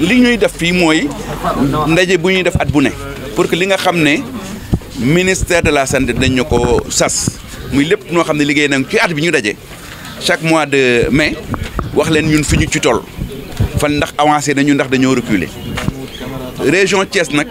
li ñuy def fii mooy ndaje bu ñuy def at bu ne pour que li nga xam ne ministère de la santé dañ ñu ko sas muy lépp noo xam ne liggéey nañ ci at bi ñu daje chaque mois de mais wax leen ñun fi ñu ci toll fan ndax avancer nañu ndax dañoo reculer région Thiès nag.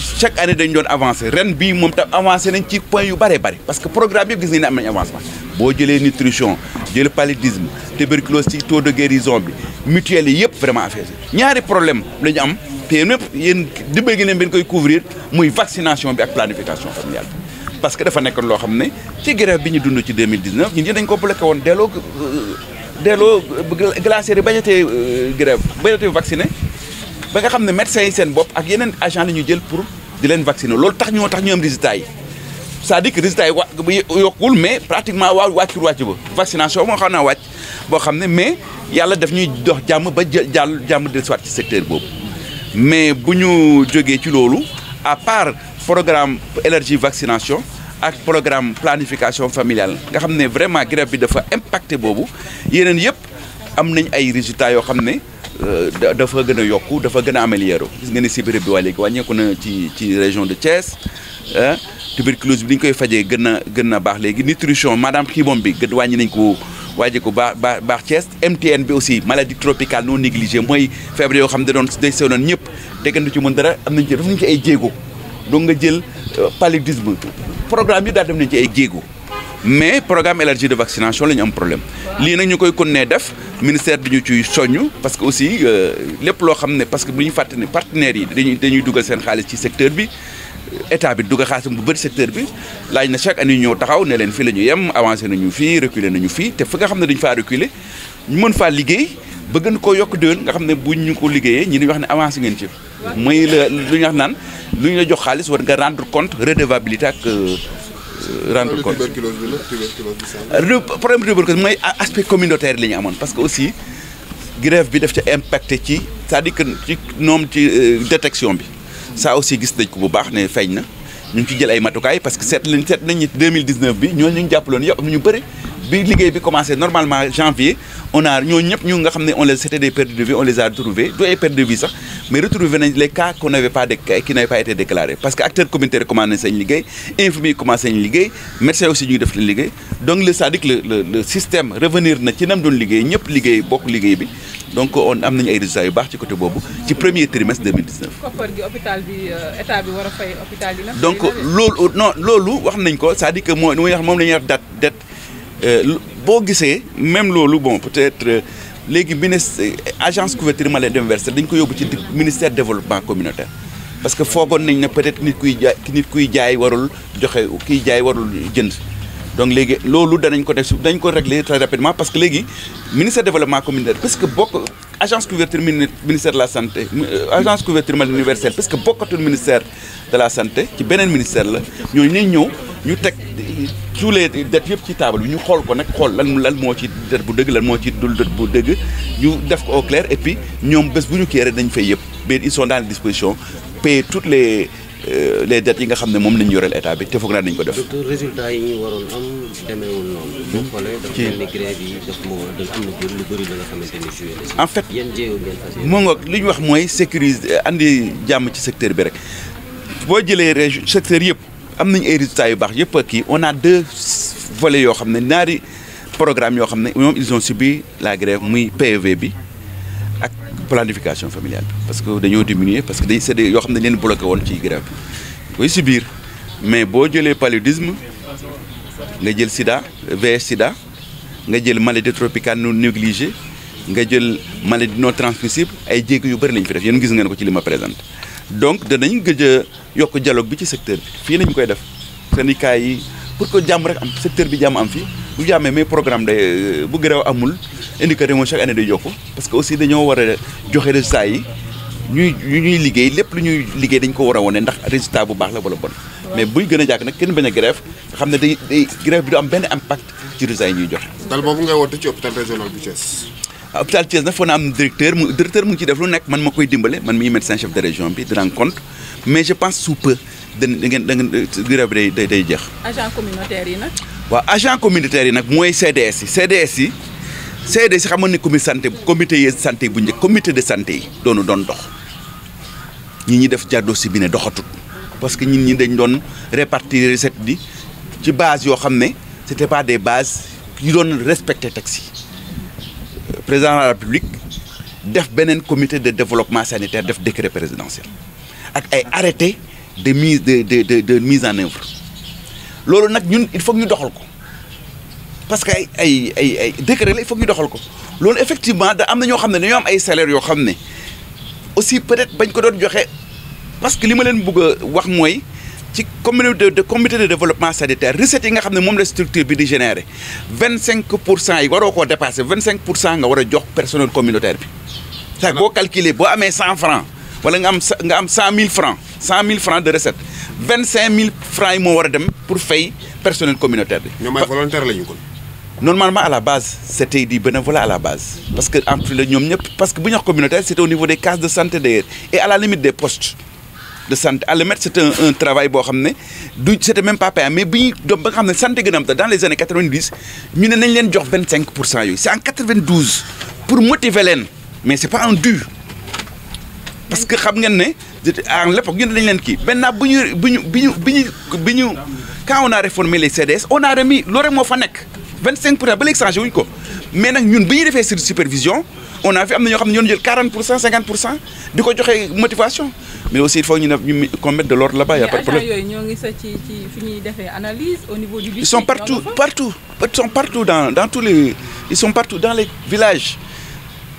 chaque année dañ doon avancé ren bi moom tam avancé nañ ci point yu bare bare parce que programme yëpp gis nañ ne am nañ avancement boo jëlee nutrition jël paludisme tuberculose ci de guérison bi mutuelle yi yëpp vraiment affaire ñaari problème la ñu am te yéen ñëpp yéen dimbali ngeen ben koy couvrir muy vaccination bi ak planification familiale bi parce que dafa nekk loo xam ne ci grève bi ñu dund ci 2019 ñun ñi dañ ko bloqué woon delloo euh, delloo euh, glacière yi bañatee euh, grève bañatee vacciné ba nga xam ne médecins yi seen bopp ak yeneen agent la ñu jël pour di leen vacciner loolu tax ñoo tax ñu am résultat yi c'est-à-dire que résultat yi wa yokkul mais pratiquement waaw wàccul wàcc ba vaccination moo xam naa wàcc boo xam ne mais yàlla daf ñuy dox jàmm ba jël jàll jàmm dellusiwaat ci secteur boobu mais bu ñu jógee ci loolu à part programme énergie vaccination ak programme planification familiale nga xam ne vraiment grève bi dafa impacté boobu yeneen yëpp am nañ ay résultats yoo xam ne dafa gën a yokk dafa gën a améliorer gis nga ni sibiré bi waa léegi wàññeeku na ci ci région de Thiès ah, tuberculose bi ni ñu koy fajee gën a gën a baax léegi nutrition madame xiibom bi gën wàññi nañ ko waaje ko baax baax baax Thiès MTN bi aussi maladie tropicale non négligée mooy feebar yoo xam ne doon day sew noon ñëpp déggandu ci mën dara am nañ ci def nañ ci ay jéego donc nga jël euh, paludisme programme yi daal dem nañ ci ay jéego mais programme élargi de vaccination la am problème lii nag ñu koy kon nee def ministère dañu ciy soññ parce que aussi euh, lépp loo xam ne parce que bu ñu fàtte ne partenaires yi dañuy dañuy dugal seen xaalis ci secteur bi état bi dugal xaalisam bu bëri secteur bi laaj na chaque année ñëw taxaw ne leen fii la ñu yem avancé nañu fii reculer nañu fii te fi nga xam ne dañu faa reculer ñu mën faa liggéey ba gën koo yokk déwén nga xam ne buñ ñu ko liggéeyee ñi dañuy wax ne avancé ngeen ci mooy la lu ñu naan lu ñu la jox xaalis war nga rendre compte redevabilité ak euh, rendre compte problème tuberculose mooy aspect communautaire li amoon parce que aussi grève bi def ca impacté ci cest à ci noom ci euh, détection bi ça aussi gis nañ ko bu baax ne feeñ na ñu ngi ci jël ay matukaay parce que seet lañ seet nañ bi ñooñu ñu jàppaloon yëpp ñu bëri bi liggéey bi commencé normalement janvier on a ñoo ñëpp ñu nga xam ne on les c'était des pertes de vie on les a retrouvés du ay pertes de vie sax mais retrouvé nañ les cas qu'on n'avait pas de qui n'avaient pas été déclarés parce que acteurs communautaires commencé seen liggéey infirmiers commencé nañ liggéey médecins aussi ñu def leen liggéey donc le cest à le système revenir na ci nam doon liggéey ñëpp liggéey bokk liggéey bi donc on am nañu ay résultats yu baax ci côté Euh, boo gisee même loolu bon peut-être euh, léegi ministre euh, agence couverture maladie universelle dañ ko yóbbu ci ministère développement communautaire parce que foogoon nañ ne peut-être nit kuy jaay nit kuy jaay warul joxe kiy jaay warul jënd donc léegi loolu danañ ko def dañ ko régler très rapidement parce que léegi ministère développement communautaire parce que bokk agence couverture ministère de la santé agence couverture maladie universelle parce que bokkatul ministère de la santé ci beneen ministère la ñooñu nañ ñëw ñu teg tous les dettes yëpp ci table bi ñu xool ko nag xool lan lan moo ci dette bu dëgg lan moo ci dul dette bu dëgg ñu def ko au clair et ñoom bés bu ñu kii rek dañ fay yëpp mais ils sont dans les dispositions payer toutes les euh, les dettes yi nga xam ne moom lañ yoreel état bi te foog naa dañ ko def. docteur résultat yi ñu waroon am demeewul noonu. Hmm? boo xoolee dafa mel ni grève yi dafa moo la nga xamante ni en fait yan jéego ngeen fas moo ngoog li ñu wax mooy sécuriser andi jàmm ci secteur bi rek boo jëlee région secteur yëpp. am nañu ay résultats yu baax yëpp kii on a deux volets yoo xam ne ñaari programme yoo xam ne ñoom ils ont subi la grève muy PEV bi ak planification familiale bi parce que dañoo diminuer parce que dañ c'est yoo xam ne leen bloqué woon ci grève bi koy subir mais boo jëlee paludisme nga jël sida VIH sida nga jël maladie tropicale non négligée nga jël maladie non transmissible ay jéego yu bëri lañ fi def yéen gis ngeen ko ci lima ma présenté donc danañ gëj yokk dialogue bi ci secteur bi fii nañ koy def syndicats yi pour que jàmm rek am secteur bi jàmm am fii bu jàmmee mais programme day euh, bu gërëw amul indicateur moom chaque année day yokku parce que aussi dañoo war a joxe résultats yi ñuy ñuy liggéey lépp lu ñuy liggéey dañ ko war a wone ndax résultat bu baax la wala bon mais buy gën a jàkk nag kenn bañ a grève xam ne day day grève bi du am benn impact ci résultats yi ñuy joxe. dal boobu ngay woote ci hôpital régional bu Thiès. hôpital Thiès nag foo na am directeur mu directeur mu ngi ciy def lu nekk man ma koy dimbale man mi médecin chef de région bi di rencontre mais je pense sous peu da ngeen da ngeen grève day day jeex. agent communautaire yi nag. agent communautaire yi nag mooy CDS yi CDS yi CDS yi xam nga ne comité santé comité yi santé bu njëkk comité de santé yi doonu doon dox ñi ñi def jàddo si bi ne doxatut parce que ñun ñi dañ doon répartir recette bi ci base yoo xam ne c'était pas des bases yu doon respecté taxi président de la république def beneen commité de développement sanitaire def décret présidentiel ak ay arrêté de mise de de de de mise en œuvre loolu nag ñun il faut ñu doxal ko parce que ay ay ay ay décret la il faut ñu doxal ko loolu effectivement da am na ñoo xam ne dañoo am ay salaires yoo xam ne aussi peut-être bañ ko doon joxe parce que li ma leen bëgg wax mooy. ci communauté de comité de développement sanitaire recettes yi nga xam ne moom la structure bi di générer vingt cinq pour cent yi waroo koo dépasser vingt cinq pour cent yi moo war dem pour fay personnel communautaire bi. ñoom ay volontaire lañu kon. normalement à la base c'était du bénévolat à la base parce que en plus la ñoom ñëpp parce que bu ñu wax communautaire c'était au niveau des cases de santé d'ailleurs et à la limite des de santé à le mettre c' boo xam ne du c' était même pas payant mais bi ñuy doom xam ne santé gën am te dans les années 90 ñu ne nañ leen jox 25 pour cent yooyu c' est en 92 pour motiver leen mais c' est pas un dû parce que xam ngeen ne à l' époque ñu ne nañ leen kii maintenant bu ñu bu ñu bi ñu bi ñu bi ñu quand on a réformé les CDS on rek moo fa nekk 25 pour cent ba léegi changé ko mais nag ñun bi ñu defee sur supervision on a vu am na ñoo xam ne ñoo jël 40 pour cent 50 pour mais aussi il ñu ne ñu commettre de l'ordre là-bas a pas problème. yooyu ñoo ngi sa ci ci fi ñuy defee analyse au niveau du. ils sont partout partout ils son partout dans dans tous les ils sont partout villages.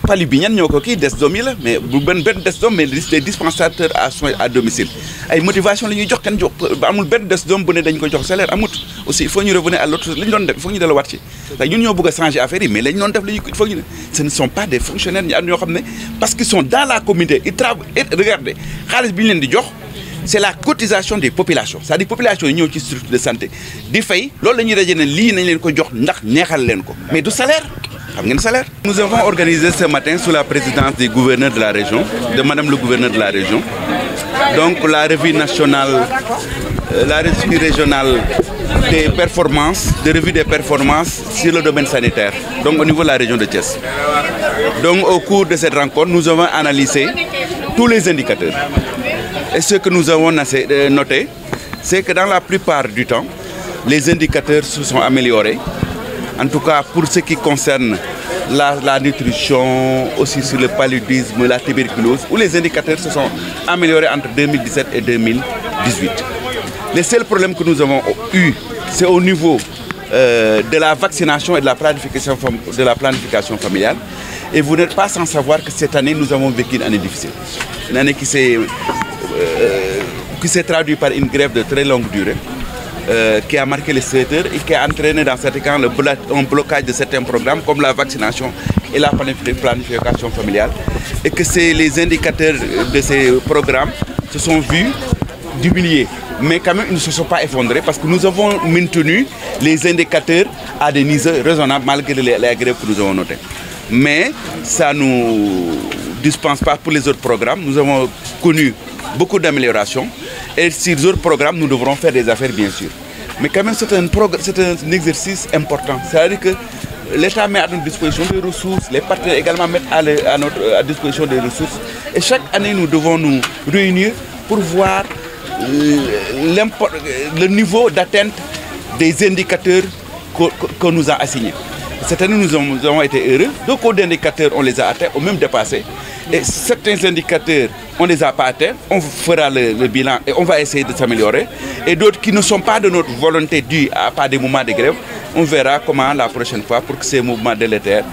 pali bi ñan ñoo ko kii des doom yi la mais bu benn benn des doom mais liste des dispensateurs à soins à domicile ay motivation la ñuy jox kenn jox amul benn des doom bu ne dañ ko jox salaire amut. aussi il faut ñu revenir à l'autre chose li ñu doon def il faut ñu delluwaat ci ndax ñun ñoo bëgg a changer mais la doon def li ñu il faut ne sont pas des fonctionnaires ñu am ñoo xam ne parce qu'ils sont dans la communauté ils travaillent regardez xaalis bi ñu leen di jox c'est la cotisation des populations c'est-à-dire population yi ñëw ci structure de santé di fay loolu la ñuy daje ne lii nañ leen ko jox ndax neexal leen ko mais du salaire xam ngeen salaire. nous organisé ce matin sous la présidence du gouverneur de la région de madame le la région donc la la revue régionale des performances, de revue des performances sur le domaine donc au région de Thiès. Donc au cours de cette rencontre, nous avons analysé les indicateurs. Et ce que nous avons euh, noté, c'est que dans la plupart du temps, les indicateurs se sont améliorés. En tout cas, pour ce qui concerne la, la, nutrition, aussi sur le paludisme, la tuberculose, où les indicateurs se sont améliorés entre 2017 et 2018. Les seuls problème que nous avons eu, c'est au niveau euh, de la vaccination et de la planification, de la planification familiale. Et vous n'êtes pas sans savoir que cette année, nous avons vécu une année difficile. Une année qui s'est euh, traduite par une grève de très longue durée, euh, qui a marqué les secteurs et qui a entraîné dans certains cas un blocage de certains programmes comme la vaccination et la planification familiale. Et que les indicateurs de ces programmes se sont vus diminué. Mais quand même, ils ne sont pas effondrés parce que nous avons maintenu les indicateurs à des niveaux raisonnables malgré la grève que nous avons notée. Mais ça ne nous dispense pas pour les autres programmes. Nous avons connu beaucoup d'améliorations. Et sur les autres programmes, nous devrons faire des affaires, bien sûr. que l'État met les partenaires également à, notre disposition des ressources. Et chaque année, nous devons nous réunir pour voir Euh, le niveau d'atteinte des indicateurs qu'on nous a assignés. Cette nous, avons, été heureux. Donc, cours d'indicateurs, on les a atteints, ou même dépassés. Et certains indicateurs, on les a pas atteints. On fera le, le bilan et on va essayer de s'améliorer. Et d'autres qui ne sont pas de notre volonté due à pas des mouvements de grève, on verra comment la prochaine fois pour que ces mouvements délétères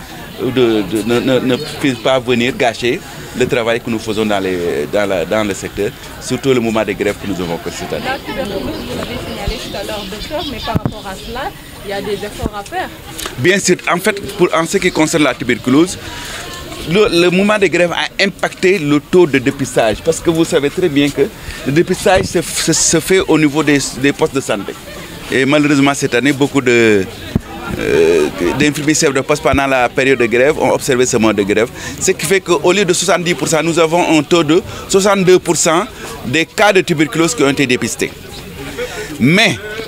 de, de, ne, ne, pas venir gâcher le travail que nous faisons dans, la, dans le secteur, surtout le moment des grèves que nous avons cette année. La par rapport à cela, il a des efforts à faire. Bien sûr, en fait, pour, en ce qui concerne la tuberculose, le, le, mouvement de grève a impacté le taux de dépistage parce que vous savez très bien que le dépistage se, fait au niveau des, des, postes de santé. Et malheureusement, cette année, beaucoup de, Euh, d'infirmiers chefs de poste pendant la période de grève ont observé ce mode de grève. Ce qui fait qu'au lieu de 70%, nous avons un taux de 62% des cas de tuberculose qui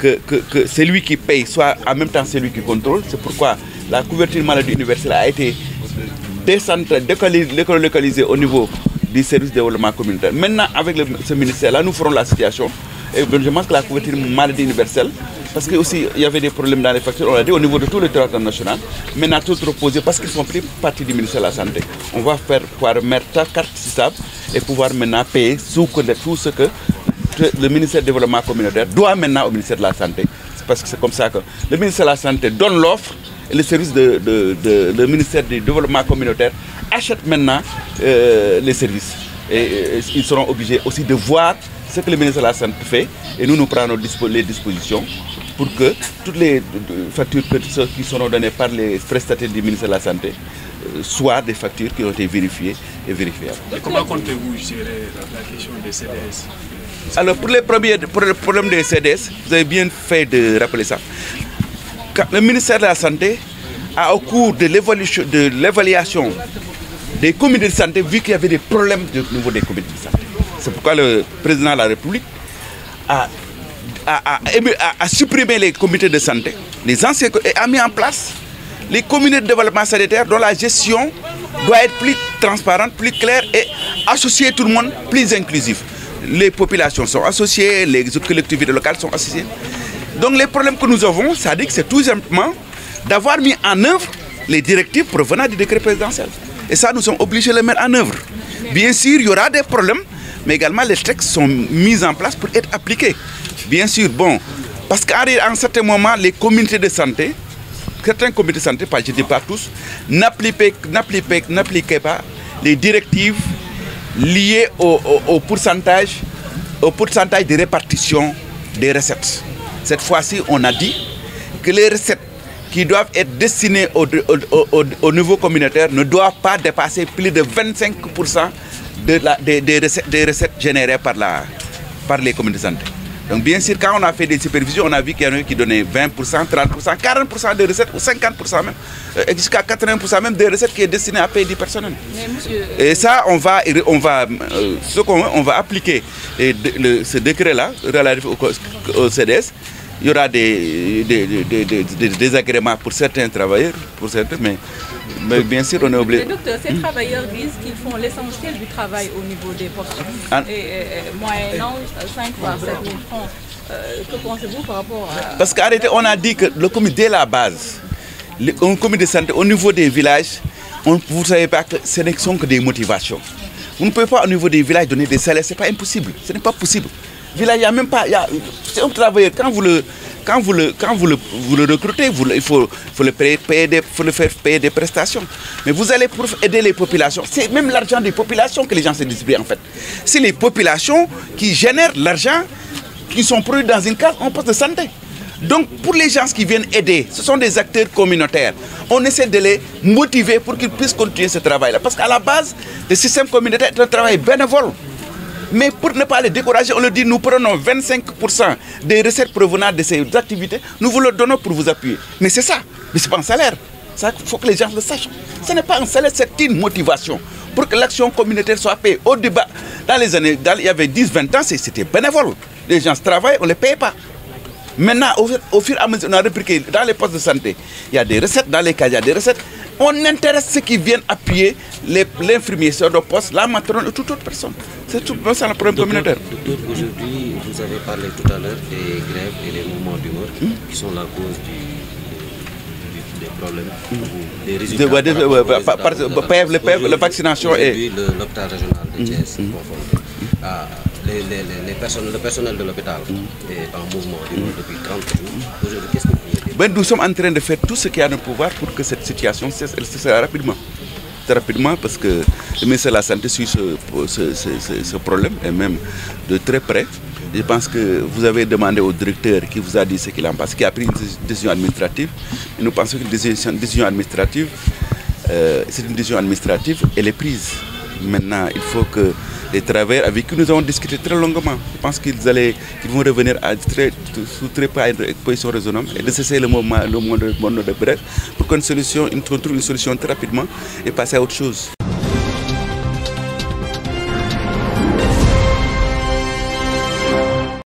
que, que, que celui qui paye soit en même temps celui qui contrôle. C'est pourquoi la couverture maladie universelle a été décentralisée, localisée au niveau du service de développement communautaire. Maintenant, avec le, ministère-là, nous ferons la situation. Et la couverture maladie universelle, parce qu'il y avait des problèmes dans le territoire national, maintenant tout reposé, parce qu'ils sont pris partie ministère la Santé. On va faire pouvoir mettre ta carte SISAB et le ministère du développement communautaire doit maintenant au ministère de la santé parce que c'est comme ça que le ministère de la santé donne l'offre et le service de, le ministère du développement communautaire achète maintenant euh, les services et, ils seront obligés aussi de voir ce que le ministère de la santé les dispositions pour que toutes les factures qui seront données par les prestataires du ministère de la santé euh, soit des factures qui ont été vérifiées et vérifiables. Alors pour les premiers pour le problème des CDS, vous avez bien fait de rappeler ça. Le ministère de la Santé a au cours de l'évolution de l'évaluation des communes de santé vu qu'il y avait des problèmes de niveau des communes de santé. C'est pourquoi le président de la République a a, a, a, a supprimé les comités de santé, les anciens et a mis en place les communautés de développement sanitaire dont la gestion doit être plus transparente, plus claire et associer tout le monde plus inclusif. les populations sont associées, les autres collectivités locales sont associées. Donc les problèmes que nous avons, ça dit que c'est tout simplement d'avoir mis en œuvre les directives provenant du décret présidentiel. Et ça, nous sommes obligés de mettre en œuvre. Bien sûr, il y aura des problèmes, mais également les textes sont mis en place pour être appliqués. Bien sûr, bon, parce qu'à un certain moment, les communautés de santé, certains comités de santé, pas, je ne dis pas tous, n'appliquaient pas les directives lié au, au, au, pourcentage, au pourcentage de répartition des recettes. Cette fois-ci, on a dit que les recettes qui doivent être destinées au, au niveau communautaire ne doivent pas dépasser plus de 25% de la, des, des, recettes, des recettes générées par, la, par les communes de santé. Donc bien sûr, quand on a fait des supervisions, on a vu qu'il y en a qui donnaient de recettes, ou 50% même, euh, et jusqu'à recettes qui est destinées à payer du personnel. Euh, et ça, on va, euh, ce qu'on va appliquer ce décret-là relatif au CDS. il y aura des, des, des, des, désagréments pour certains travailleurs, pour certains, mais, mais bien sûr, on est obligé. Docteur, ces travailleurs disent qu'ils font l'essentiel ah. euh, que pensez-vous par rapport à... Parce qu'arrêtez, on a dit que le comité, dès la base, le, un de santé au niveau des villages, on, vous ne savez pas que ce ne que des motivations. On ne peut pas au niveau des villages donner des salaires, ce n'est pas impossible, ce n'est pas possible. village il y même pas il y a c'est un travailleur quand vous le recrutez il faut le faire payer des prestations mais vous allez pour aider les populations c'est même l'argent des populations que les gens se distribuent en fait c'est les populations qui génèrent l'argent qui sont produits dans une case en poste de santé donc pour les gens qui viennent aider ce sont des acteurs communautaires on essaie de les motiver pour qu'ils puissent continuer ce travail là parce qu'à la base le système communautaire est Mais pour ne pas les décourager, on leur dit nous prenons 25% des recettes provenant de ces activités, nous vous le donnons pour vous appuyer. Mais c'est ça, mais ce n'est salaire. Il faut que les gens le sachent. Ce n'est pas un salaire, c'est une motivation pour que l'action communautaire soit payée. Au débat, dans les années, dans, il y ne les paye pas. Maintenant, au, au, fur et on a répliqué dans les postes de santé, il y recettes, dans les cas, il y recettes. on intéresse ceux qui viennent appuyer l'infirmier sur le poste, la matronne et toute autre personne. C'est tout, c'est le problème communautaire. Docteur, aujourd'hui, vous avez parlé tout à l'heure des grèves et des mouvements d'humeur hmm. qui sont la cause du, des problèmes, hmm. des résultats. la vaccination est... l'hôpital régional de hmm. Thiès, les, personnels, le personnel de l'hôpital est en mouvement depuis 30 jours. Aujourd'hui, qu'est-ce que Ben, nous sommes en train de faire tout ce qu'il a à notre pouvoir pour que cette situation cesse, rapidement. parce que le ministère de la Santé suit ce, ce, problème, et même de très près. Je pense que vous avez demandé au directeur qui vous a dit ce qu'il en pense, qui nous pensons que décision, décision administrative, euh, c'est une décision administrative, et les prise. Maintenant, il faut que les travailleurs avec qui nous avons discuté très longuement, je pense qu'ils vont revenir à très, sous très peu à une position raisonnable et de le monde, de bref pour qu'une solution, une, trouve une solution très rapidement et passer à autre chose.